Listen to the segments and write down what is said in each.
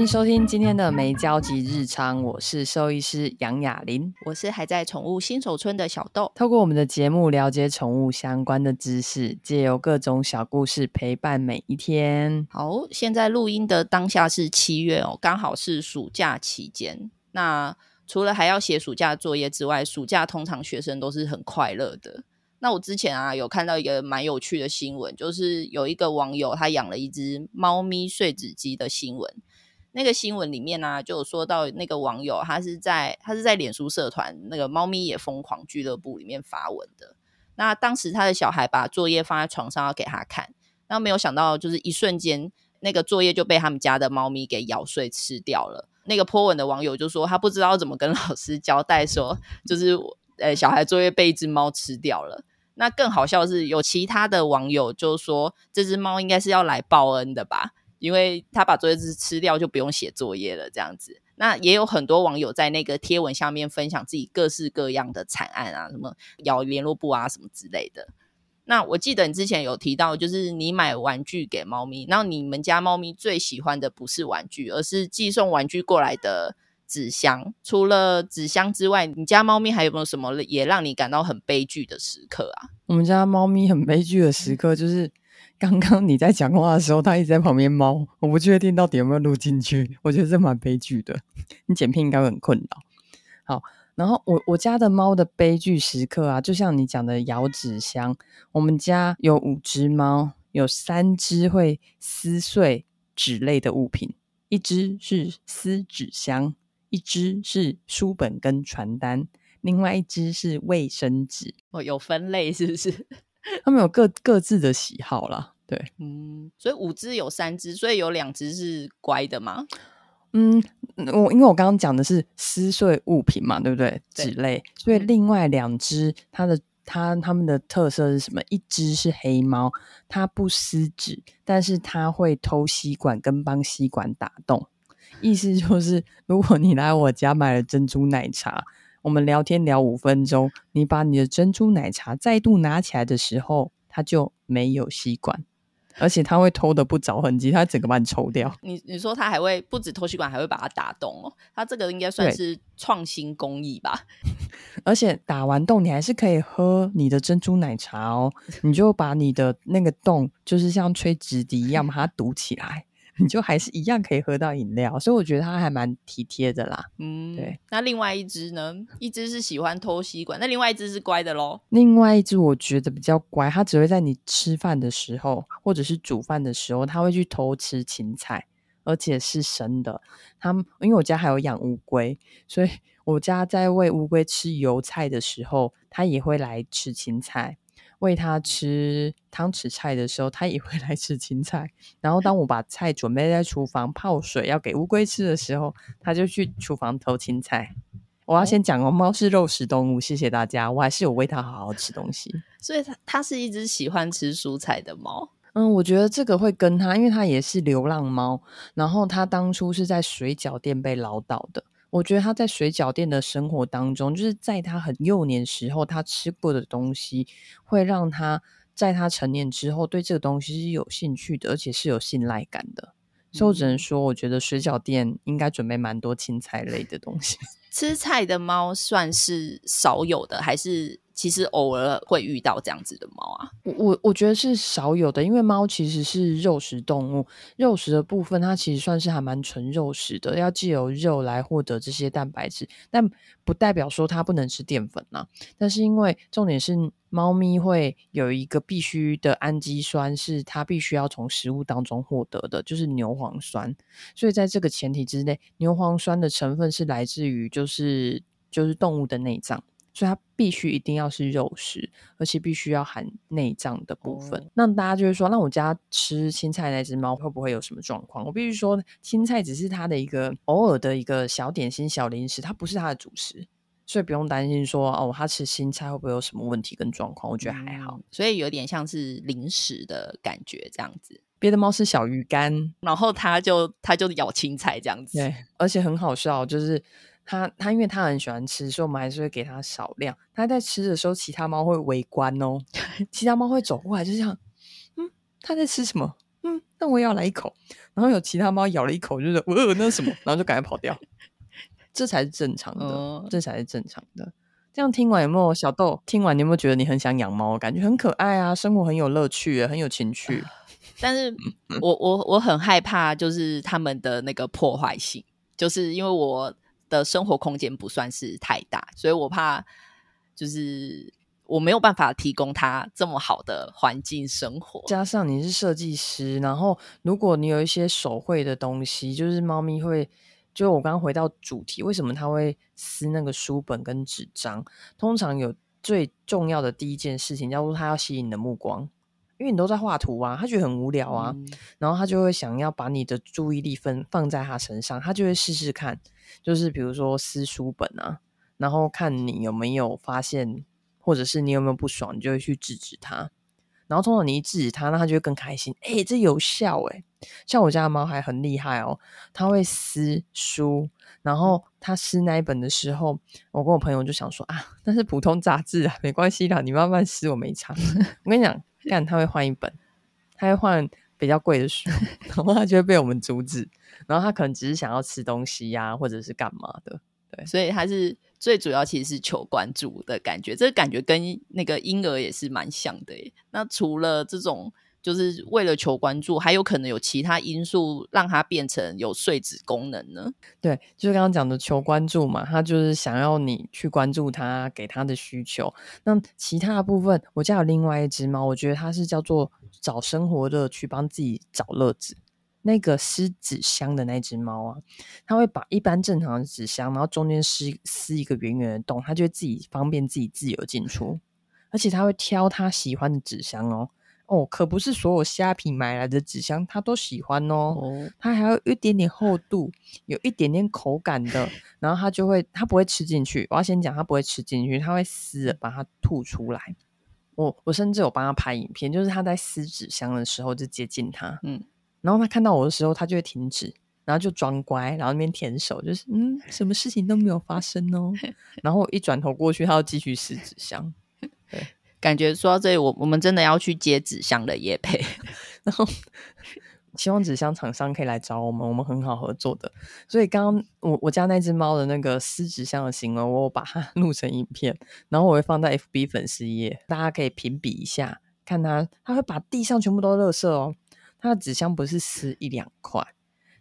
歡迎收聽今天的《沒交集日常》，我是獸醫師楊雅林。我是還在寵物新手村的小豆。透過我們的節目了解寵物相關的知識，借由各種小故事陪伴每一天。好，現在錄音的當下是七月哦，剛好是暑假期間。那除了還要寫暑假作業之外，暑假通常學生都是很快樂的。那我之前啊有看到一個蠻有趣的新聞，就是有一個網友他養了一隻貓咪碎紙機的新聞。那個新聞裡面呢，就有說到那個網友，他是在他是在臉書社團那個“貓咪也瘋狂”俱樂部裡面發文的。那當時他的小孩把作業放在床上要給他看，那沒有想到，就是一瞬間，那個作業就被他們家的貓咪給咬碎吃掉了。那個 PO 文的網友就說，他不知道怎麼跟老師交代說，說就是，呃，小孩作業被一只貓吃掉了。那更好笑是，有其他的網友就說，這只貓應該是要來報恩的吧。因為他把作業紙吃掉，就不用寫作業了，這樣子。那也有很多網友在那個貼文下面分享自己各式各樣的慘案啊，什麼咬聯絡簿啊，什麼之類的。那我記得你之前有提到，就是你買玩具給貓咪，然後你們家貓咪最喜歡的不是玩具，而是寄送玩具過來的紙箱。除了紙箱之外，你家貓咪還有沒有什麼也讓你感到很悲劇的時刻啊？我們家貓咪很悲劇的時刻就是。剛剛你在講話的時候，他一直在旁邊貓，我不確定到底有沒有錄進去。我覺得這蠻悲劇的，你剪片應該會很困擾。好，然後我我家的貓的悲劇時刻啊，就像你講的咬紙箱。我們家有五隻貓，有三隻會撕碎紙類的物品，一隻是撕紙箱，一隻是書本跟傳單，另外一隻是衛生紙。哦，有分類是不是？ 他們有各各自的喜好啦，對，嗯，所以五隻有三隻，所以有兩隻是乖的嘛，嗯，我因為我剛剛講的是撕碎物品嘛，對不對？紙類，所以另外兩隻它的它它們的特色是什麼？一只是黑貓，它不撕紙，但是它會偷吸管跟幫吸管打洞，意思就是如果你來我家買了珍珠奶茶。我們聊天聊五分鐘，你把你的珍珠奶茶再度拿起來的時候，它就沒有吸管，而且它會偷的不着痕迹，它整個把你抽掉。你你說它還會不止偷吸管，還會把它打洞哦。它這個應該算是創新工藝吧？ 而且打完洞，你還是可以喝你的珍珠奶茶哦。你就把你的那個洞，就是像吹直笛一樣把它堵起來。 你就還是一樣可以喝到飲料，所以我覺得它還蠻體貼的啦。嗯，對。那另外一隻呢？一隻是喜歡偷吸管，那另外一隻是乖的咯？另外一隻我覺得比較乖，它只會在你吃飯的時候或者是煮飯的時候，它會去偷吃芹菜，而且是生的。它因為我家還有養烏龜，所以我家在餵烏龜吃油菜的時候，它也會來吃芹菜。餵它吃湯匙菜的時候，它也會來吃青菜。然後，當我把菜準備在廚房泡水要給烏龜吃的時候，它就去廚房偷青菜。我要先講哦，我貓是肉食動物，謝謝大家。我還是有餵它好好吃東西，所以它它是一隻喜歡吃蔬菜的貓。嗯，我覺得這個會跟它，因為它也是流浪貓，然後它當初是在水餃店被撈到的。我覺得他在水餃店的生活當中，就是在他很幼年時候，他吃過的東西，會讓他在他成年之後對這個東西是有興趣的，而且是有信賴感的。嗯。所以我只能說，我覺得水餃店應該準備蠻多青菜類的東西。吃菜的貓算是少有的，還是？其實偶爾會遇到這樣子的貓啊，我我我覺得是少有的，因為貓其實是肉食動物，肉食的部分它其實算是還蠻純肉食的，要藉由肉來獲得這些蛋白質，但不代表說它不能吃澱粉吶，啊。但是因為重點是，貓咪會有一個必須的氨基酸，是它必須要從食物當中獲得的，就是牛磺酸。所以在這個前提之內，牛磺酸的成分是來自於就是就是動物的內臟。所以它必須一定要是肉食，而且必須要含內臟的部分。那、嗯、大家就是說，那我家吃青菜那只貓會不會有什麼狀況？我必須說，青菜只是它的一個偶爾的一個小點心、小零食，它不是它的主食，所以不用擔心說哦，它吃青菜會不會有什麼問題跟狀況？我覺得還好、嗯，所以有點像是零食的感覺這樣子。別的貓是小魚乾，然後它就它就咬青菜這樣子，對，而且很好笑，就是。他他，他因為他很喜歡吃，所以我們還是會給他少量。他在吃的時候，其他貓會圍觀哦， 其他貓會走過來，就這樣，嗯，他在吃什麼？嗯，那我也要來一口。然後有其他貓咬了一口，就是，呃，那是什麼？ 然後就趕快跑掉。 這才是正常的、哦，這才是正常的。這樣聽完有沒有？小豆聽完你有沒有覺得你很想養貓？感覺很可愛啊，生活很有樂趣，很有情趣。但是我我我很害怕，就是他們的那個破壞性，就是因為我。的生活空間不算是太大，所以我怕就是我沒有辦法提供它這麼好的環境生活。加上你是設計師，然後如果你有一些手繪的東西，就是貓咪會，就我剛回到主題，為什麼它會撕那個書本跟紙張？通常有最重要的第一件事情叫做它要吸引你的目光。因為你都在畫圖啊，他覺得很無聊啊、嗯，然後他就會想要把你的注意力分放在他身上，他就會試試看，就是比如說撕書本啊，然後看你有沒有發現，或者是你有沒有不爽，你就會去制止他。然後通常你一制止他，那他就會更開心。誒、欸、這有效誒，像我家的貓還很厲害哦，它會撕書，然後它撕那一本的時候，我跟我朋友就想說啊，那是普通雜誌啊，沒關係啦，你慢慢撕，我沒差。 我跟你講。但他會換一本，他會換比較貴的書，然後他就會被我們阻止。然後他可能只是想要吃東西呀、啊，或者是幹嘛的，對。所以他是最主要其實是求關注的感覺，這個、感覺跟那個嬰兒也是蠻像的。那除了這種。就是為了求關注，還有可能有其他因素讓它變成有碎紙功能呢？對，就是剛剛講的求關注嘛，它就是想要你去關注它，給它的需求。那其他的部分，我家有另外一隻貓，我覺得它是叫做找生活的去幫自己找樂子。那個撕紙箱的那隻貓啊，它會把一般正常的紙箱，然後中間撕撕一個圓圓的洞，它就會自己方便自己自由進出，而且它會挑它喜歡的紙箱哦。哦，可不是所有蝦皮買來的紙箱，他都喜歡哦。他、哦、還有一點點厚度，有一點點口感的，然後他就會，他不會吃進去。 我要先講，他不會吃進去，他會撕著把它吐出來。我、哦、我甚至有幫他拍影片，就是他在撕紙箱的時候就接近他，嗯，然後他看到我的時候，他就會停止，然後就裝乖，然後那邊舔手，就是嗯，什麼事情都沒有發生哦。 然後一轉頭過去，他又繼續撕紙箱。對。感覺說到這裡我，我我們真的要去接紙箱的業配， 然後希望紙箱廠商可以來找我們，我們很好合作的。所以剛剛我我家那只貓的那個撕紙箱的行為，我把它錄成影片，然後我會放在 FB 粉絲頁，大家可以評比一下，看它它會把地上全部都垃圾哦。它的紙箱不是撕一兩塊。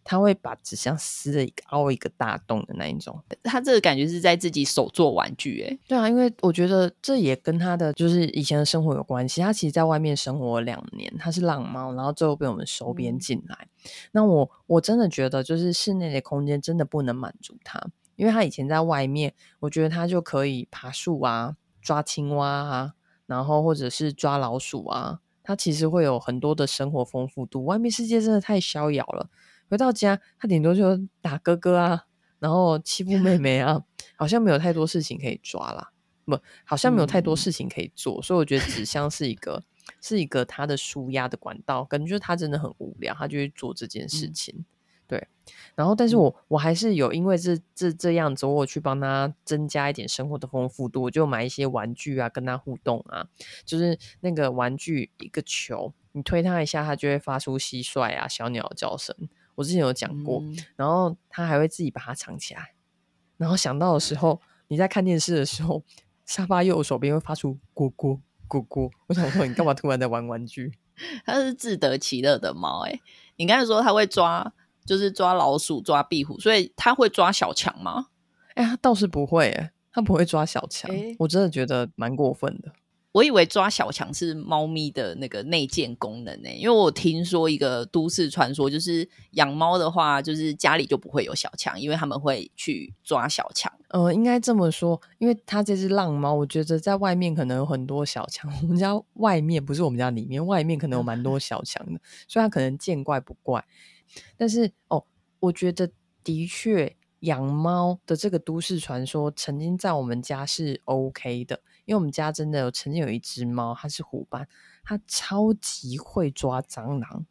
他會把紙箱撕了一個凹一個大洞的那一種，他這個感覺是在自己手做玩具誒，對啊，因為我覺得這也跟他的就是以前的生活有關係。他其實在外面生活了兩年，他是浪貓，然後最後被我們收編進來。嗯、那我我真的覺得，就是室內的空間真的不能滿足他，因為他以前在外面，我覺得他就可以爬樹啊、抓青蛙啊，然後或者是抓老鼠啊，他其實會有很多的生活豐富度。外面世界真的太逍遙了。回到家，他頂多就打哥哥啊，然後欺負妹妹啊， 好像沒有太多事情可以抓啦，不，好像沒有太多事情可以做，嗯、所以我覺得紙箱是一個，是一個他的紓壓的管道，感覺就是他真的很無聊，他就會做這件事情。嗯、對，然後但是我我還是有因為這這這樣子，我去幫他增加一點生活的豐富度，我就買一些玩具啊，跟他互動啊，就是那個玩具一個球，你推他一下，他就會發出蟋蟀啊、小鳥的叫聲。我之前有講過、嗯，然後它還會自己把它藏起來，然後想到的時候，嗯、你在看電視的時候，沙發右手邊會發出咕咕咕咕。我想說，你幹嘛突然在玩玩具？它 是自得其樂的貓哎、欸！你剛才說它會抓，就是抓老鼠、抓壁虎，所以它會抓小強嗎？哎、欸、呀，他倒是不會哎、欸，它不會抓小強、欸。我真的覺得蠻過分的。我以為抓小強是貓咪的那個內建功能呢，欸，因為我聽說一個都市傳說，就是養貓的話，就是家裡就不會有小強，因為他們會去抓小強。呃，應該這麼說，因為它這隻浪貓，我覺得在外面可能有很多小強。我們家外面不是我們家裡面，外面可能有蠻多小強的，雖然可能見怪不怪。但是哦，我覺得的確養貓的這個都市傳說，曾經在我們家是 OK 的。因為我們家真的有曾經有一只貓，它是虎斑，它超級會抓蟑螂。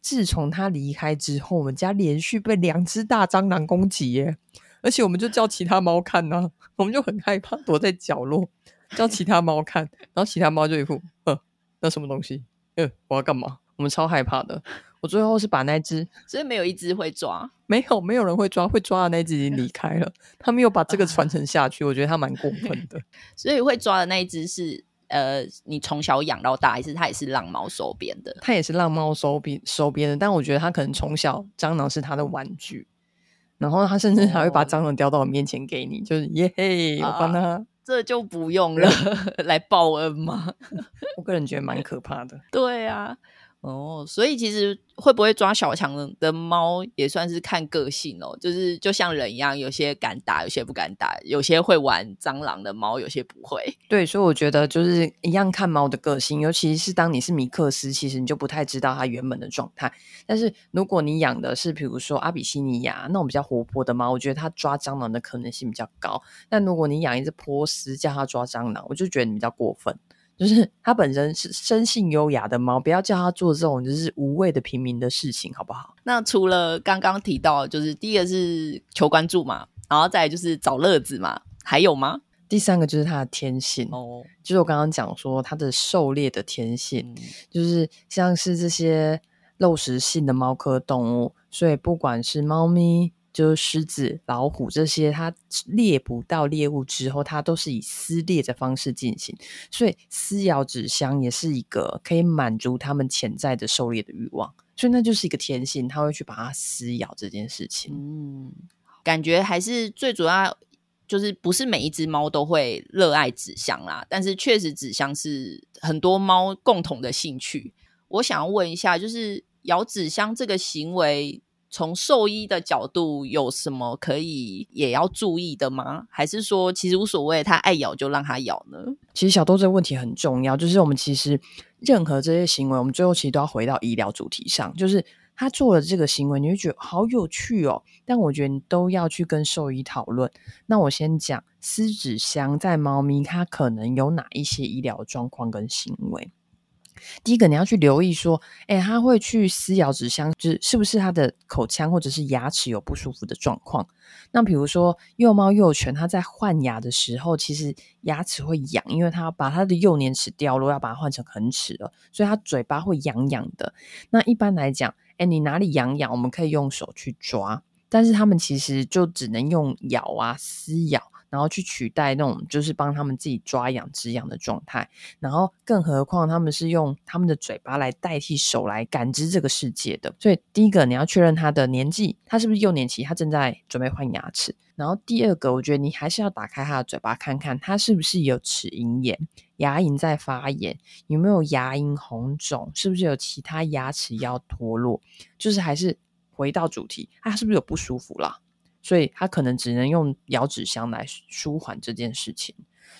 自從它離開之後，我們家連續被兩只大蟑螂攻擊耶！而且我們就叫其他貓看吶、啊， 我們就很害怕，躲在角落叫其他貓看， 然後其他貓就一副“哼，那什麼東西？嗯，我要幹嘛？”我們超害怕的。我最後是把那隻，所以沒有一隻會抓，沒有，沒有人會抓，會抓的那隻已經離開了。 他沒有把這個傳承下去， 我覺得他蠻過分的。所以會抓的那一隻是，呃，你從小養到大，還是他也是浪貓收編的？他也是浪貓收編收編的，但我覺得他可能從小蟑螂是他的玩具，然後他甚至還會把蟑螂叼到我面前給你，就是耶嘿，我幫他啊啊，這就不用了， 來報恩嗎？ 我個人覺得蠻可怕的。 對啊，哦，所以其實。會不會抓小強的貓也算是看個性哦，就是就像人一樣，有些敢打，有些不敢打，有些會玩蟑螂的貓，有些不會。對，所以我覺得就是一樣看貓的個性，尤其是當你是米克斯，其實你就不太知道它原本的狀態。但是如果你養的是比如說阿比西尼亞那種比較活潑的貓，我覺得它抓蟑螂的可能性比較高。但如果你養一只波斯，叫它抓蟑螂，我就覺得你比較過分。就是它本身是生性優雅的貓，不要叫它做這種就是無謂的平民的事情，好不好？那除了剛剛提到，就是第一個是求關注嘛，然後再來就是找樂子嘛，還有嗎？第三個就是它的天性哦，就是我剛剛講說它的狩獵的天性，嗯，就是像是這些肉食性的貓科動物，所以不管是貓咪。就是獅子、老虎這些，它獵捕到獵物之後，它都是以撕裂的方式進行，所以撕咬紙箱也是一個可以滿足它們潛在的狩獵的慾望，所以那就是一個天性，它會去把它撕咬這件事情。嗯，感覺還是最主要就是不是每一只貓都會熱愛紙箱啦，但是確實紙箱是很多貓共同的興趣。我想要問一下，就是咬紙箱這個行為。從獸醫的角度，有什麼可以也要注意的嗎？還是說其實無所謂，它愛咬就讓它咬呢？其實小豆這個問題很重要，就是我們其實任何這些行為，我們最後其實都要回到醫療主題上。就是它做了這個行為，你會覺得好有趣哦，但我覺得你都要去跟獸醫討論。那我先講撕紙箱在貓咪它可能有哪一些醫療狀況跟行為。第一個，你要去留意說，誒、欸，他會去撕咬紙箱，就是是不是他的口腔或者是牙齒有不舒服的狀況。那比如說幼貓幼犬，它在換牙的時候，其實牙齒會癢，因為它把它的幼年齒掉落，要把它換成恆齒了，所以它嘴巴會癢癢的。那一般來講，誒、欸，你哪裡癢癢，我們可以用手去抓，但是它們其實就只能用咬啊撕咬。然後去取代那種就是幫他們自己抓癢止癢的狀態，然後更何況他們是用他們的嘴巴來代替手來感知這個世界的。所以第一個，你要確認他的年紀，他是不是幼年期，他正在準備換牙齒。然後第二個，我覺得你還是要打開他的嘴巴，看看他是不是有齒齦炎、牙齦在發炎，有沒有牙齦紅腫，是不是有其他牙齒要脫落。就是還是回到主題，他、啊、是不是有不舒服了？所以他可能只能用咬紙箱來舒緩這件事情，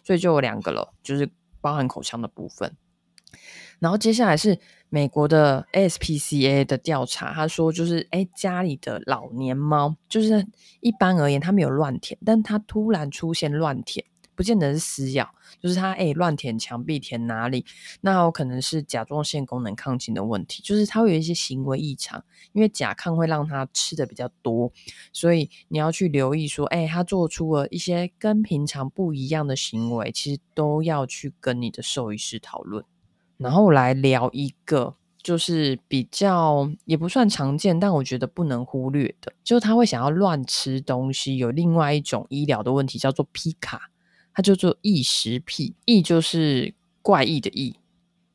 所以就有兩個了，就是包含口腔的部分。然後接下來是美國的 ASPCA 的調查，他說就是，哎，家裡的老年貓，就是一般而言他沒有亂舔，但他突然出現亂舔。不見得是撕咬，就是他哎，亂舔牆壁舔哪裡，那有可能是甲狀腺功能亢進的問題，就是他會有一些行為異常，因為甲亢會讓他吃的比較多，所以你要去留意說，哎、欸，他做出了一些跟平常不一樣的行為，其實都要去跟你的獸醫師討論。然後來聊一個就是比較也不算常見，但我覺得不能忽略的，就是他會想要亂吃東西，有另外一種醫療的問題叫做皮卡。它叫做異食癖，異就是怪異的異，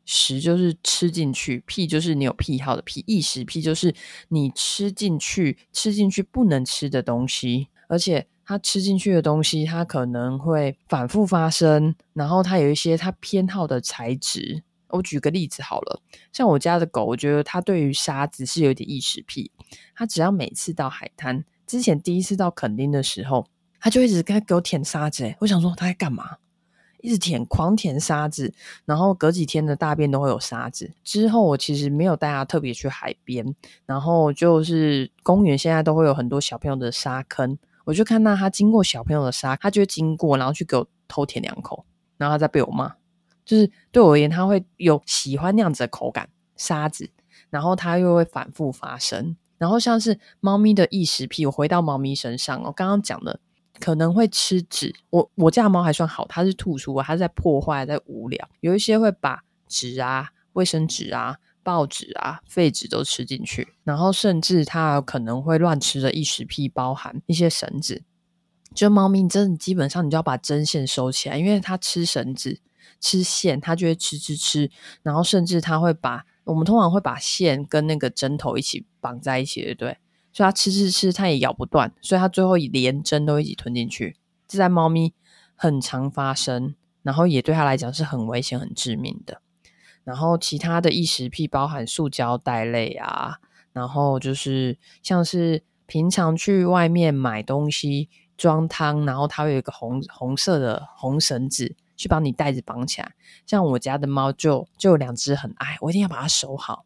食就是吃進去，癖就是你有癖好的癖，異食癖就是你吃進去吃進去不能吃的東西，而且它吃進去的東西它可能會反复發生，然後它有一些它偏好的材質。我舉個例子好了，像我家的狗，我覺得它對於沙子是有點異食癖，它只要每次到海灘，之前第一次到墾丁的時候。他就一直在給我舔沙子，我想說他在幹嘛？一直舔，狂舔沙子，然後隔幾天的大便都會有沙子。之後我其實沒有帶他特別去海邊，然後就是公園現在都會有很多小朋友的沙坑，我就看到他經過小朋友的沙，他就經過，然後去給我偷舔兩口，然後他再被我罵。就是對我而言，他會有喜歡那樣子的口感沙子，然後他又會反复發生，然後像是貓咪的異食癖。我回到貓咪身上，我剛剛講的。可能會吃紙，我我家的貓還算好，它是吐出，它是在破壞，在無聊。有一些會把紙啊、衛生紙啊、報紙啊、廢紙都吃進去，然後甚至它可能會亂吃着異食癖，包含一些繩子。就貓咪真的基本上，你就要把針線收起來，因為它吃繩子、吃線，它就會吃吃吃，然後甚至它會把我們通常會把線跟那個針頭一起綁在一起，對不對？所以它吃吃吃，它也咬不斷，所以它最後連針都一起吞進去，這在貓咪很常發生，然後也對它來講是很危險、很致命的。然後其他的異食癖包含塑膠袋類啊，然後就是像是平常去外面買東西裝湯，然後它會有一個紅紅色的紅繩子去幫你袋子綁起來。像我家的貓就就兩只很愛，我一定要把它收好。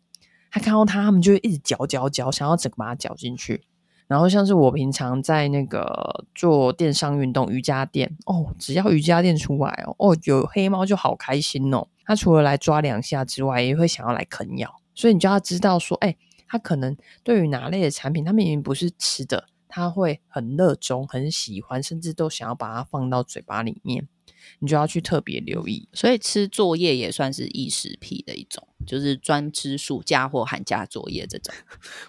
他看到他，他們就會一直嚼嚼嚼，想要整個把它嚼進去。然後像是我平常在那個做電商運動瑜伽墊哦，只要瑜伽墊出來哦哦，有黑貓就好開心哦。他除了來抓兩下之外，也會想要來啃咬。所以你就要知道說，哎、欸，他可能對於哪類的產品，他明明不是吃的，他會很熱衷、很喜歡，甚至都想要把它放到嘴巴裡面。你就要去特別留意。所以吃作業也算是異食癖的一種。就是專吃暑假或寒假作業這種，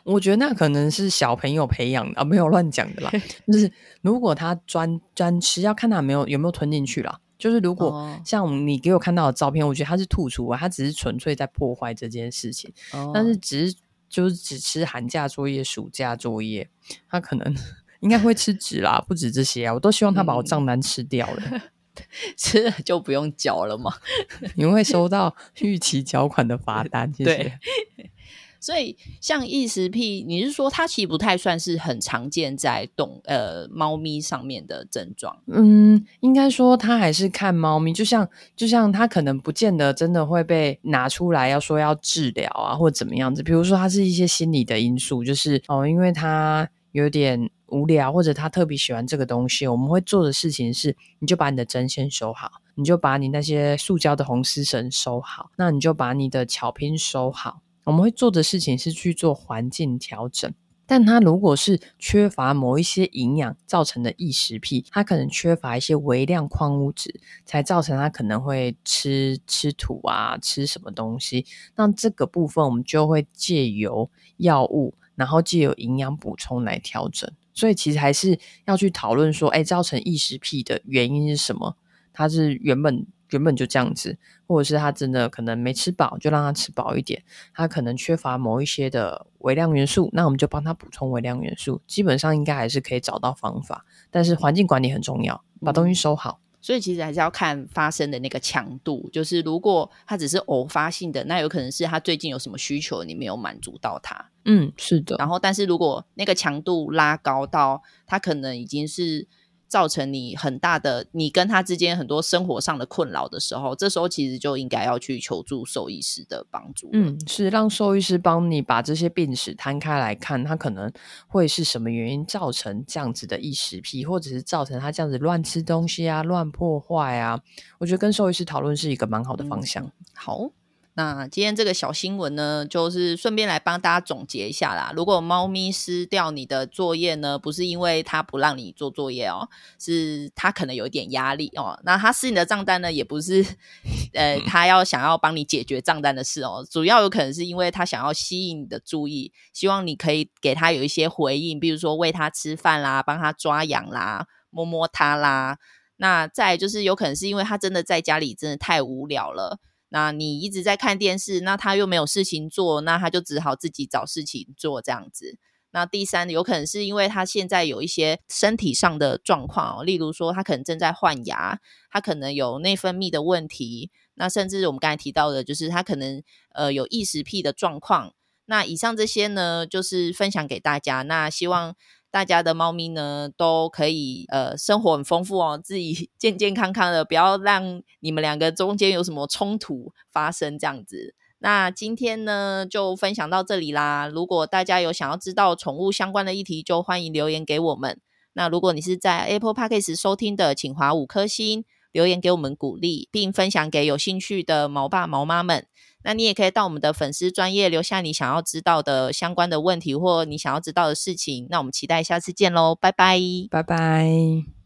我覺得那可能是小朋友培養的啊，沒有亂講的啦。 就是如果他專專吃，要看他沒有有沒有吞進去啦。就是如果像你給我看到的照片，Oh. 我覺得他是吐出來、啊，他只是純粹在破壞這件事情。Oh. 但是只是就是只吃寒假作業、暑假作業，他可能應該會吃紙啦， 不止這些啊。我都希望他把我賬單吃掉了。 吃了就不用交了嗎？ 你會收到逾期繳款的罰單， 對。 所以像異食癖，你是說它其實不太算是很常見在動呃貓咪上面的症狀？嗯，應該說它還是看貓咪，就像就像它可能不見得真的會被拿出來要說要治療啊，或怎麼樣子。比如說它是一些心理的因素，就是哦，因為它。有點無聊，或者他特別喜歡這個東西，我們會做的事情是，你就把你的針線收好，你就把你那些塑膠的紅絲繩收好，那你就把你的巧拼收好。我們會做的事情是去做環境調整。但他如果是缺乏某一些營養造成的異食癖，他可能缺乏一些微量礦物質，才造成他可能會吃吃土啊，吃什麼東西。那這個部分我們就會借由藥物然後借由營養補充來調整，所以其實還是要去討論說，哎，造成異食癖的原因是什麼？它是原本原本就這樣子，或者是他真的可能沒吃飽，就讓他吃飽一點。他可能缺乏某一些的微量元素，那我們就幫他補充微量元素。基本上應該還是可以找到方法，但是環境管理很重要，嗯，把東西收好。所以其實還是要看發生的那個強度，就是如果他只是偶發性的，那有可能是他最近有什麼需求你沒有滿足到他。嗯，是的。然後，但是如果那個強度拉高到，他可能已經是。造成你很大的，你跟他之間很多生活上的困擾的時候，這時候其實就應該要去求助獸醫師的幫助。嗯，是讓獸醫師幫你把這些病史攤開來看，他可能會是什麼原因造成這樣子的異食癖，或者是造成他這樣子亂吃東西啊、亂破壞啊。我覺得跟獸醫師討論是一個蠻好的方向。嗯、好。那今天這個小新聞呢，就是順便來幫大家總結一下啦。如果貓咪撕掉你的作業呢，不是因為它不讓你做作業哦，是它可能有一點壓力哦。那它撕你的賬單呢，也不是，呃，它、嗯、要想要幫你解決賬單的事哦，主要有可能是因為它想要吸引你的注意，希望你可以給它有一些回應，比如說餵它吃飯啦，幫它抓癢啦，摸摸它啦。那再就是有可能是因為它真的在家裡真的太無聊了。那你一直在看電視，那他又沒有事情做，那他就只好自己找事情做這樣子。那第三，有可能是因為他現在有一些身體上的狀況、哦，例如說他可能正在換牙，他可能有內分泌的問題，那甚至我們剛才提到的，就是他可能呃有異食癖的狀況。那以上這些呢，就是分享給大家。那希望。大家的貓咪呢，都可以呃生活很豐富哦，自己健健康康的，不要讓你們兩個中間有什麼衝突發生這樣子。那今天呢就分享到這裡啦。如果大家有想要知道寵物相關的議題，就歡迎留言給我們。那如果你是在 Apple Podcast 收聽的，請劃五顆星留言給我們鼓勵，並分享給有興趣的毛爸毛媽們。那你也可以到我們的粉絲專頁留下你想要知道的相關的問題，或你想要知道的事情。那我們期待下次見嘍，拜拜，拜拜。